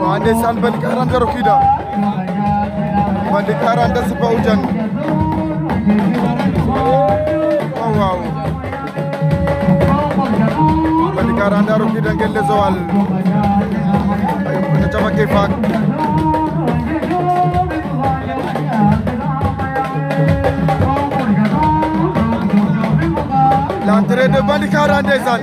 waaw ndeysaan benn kaaraan nga rokiida benn kaaraan da sipa ujan oh, waaw waaw benn kaaraan da rokiida ngel le zowal na cafa ke faak l'entrée de benn kaaraan ndeysaan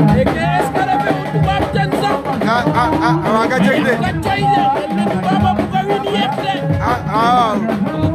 a a a a